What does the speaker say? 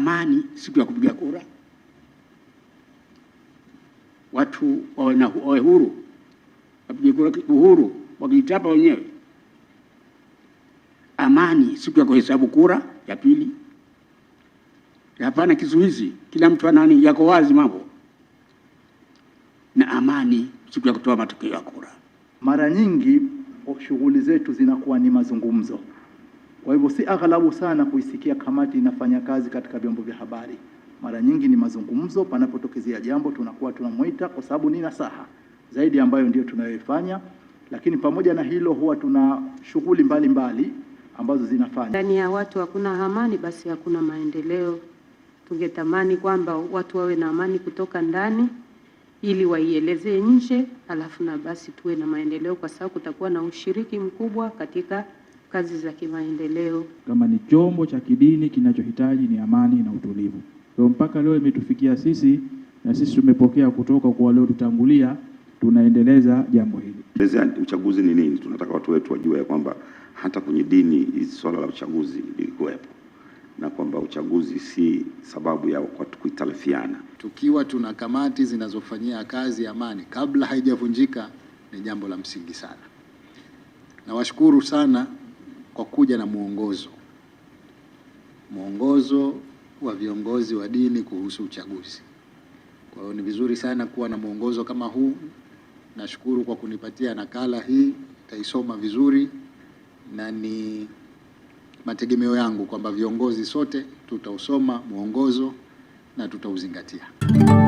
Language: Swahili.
amani siku ya kupiga kura, watu wawe huru, wapige kura uhuru wakiitapa wenyewe. Amani siku ya kuhesabu kura ya pili, hapana kizuizi, kila mtu anani, yako wazi mambo. Na amani siku ya kutoa matokeo ya kura. Mara nyingi shughuli zetu zinakuwa ni mazungumzo. Kwa hivyo si aghalabu sana kuisikia kamati inafanya kazi katika vyombo vya habari. Mara nyingi ni mazungumzo, panapotokezea jambo tunakuwa tunamwita kwa sababu ni nasaha zaidi ambayo ndio tunayoifanya, lakini pamoja na hilo huwa tuna shughuli mbalimbali ambazo zinafanya. Ndani ya watu hakuna amani, basi hakuna maendeleo. Tungetamani kwamba watu wawe na amani kutoka ndani ili waielezee nje, alafu na basi tuwe na maendeleo, kwa sababu kutakuwa na ushiriki mkubwa katika kazi za kimaendeleo. Kama ni chombo cha kidini kinachohitaji ni amani na utulivu. Kwa mpaka leo imetufikia sisi na sisi tumepokea kutoka kwa waliotutangulia, tunaendeleza jambo hili. uchaguzi ni nini. Tunataka watu wetu wajue ya kwamba hata kwenye dini swala la uchaguzi lilikuwepo na kwamba uchaguzi si sababu ya kuitalifiana. Tukiwa tuna kamati zinazofanyia kazi amani kabla haijavunjika ni jambo la msingi sana. Nawashukuru sana kwa kuja na mwongozo, mwongozo wa viongozi wa dini kuhusu uchaguzi. Kwa hiyo ni vizuri sana kuwa na mwongozo kama huu. Nashukuru kwa kunipatia nakala hii, nitaisoma vizuri, na ni mategemeo yangu kwamba viongozi sote tutausoma mwongozo na tutauzingatia.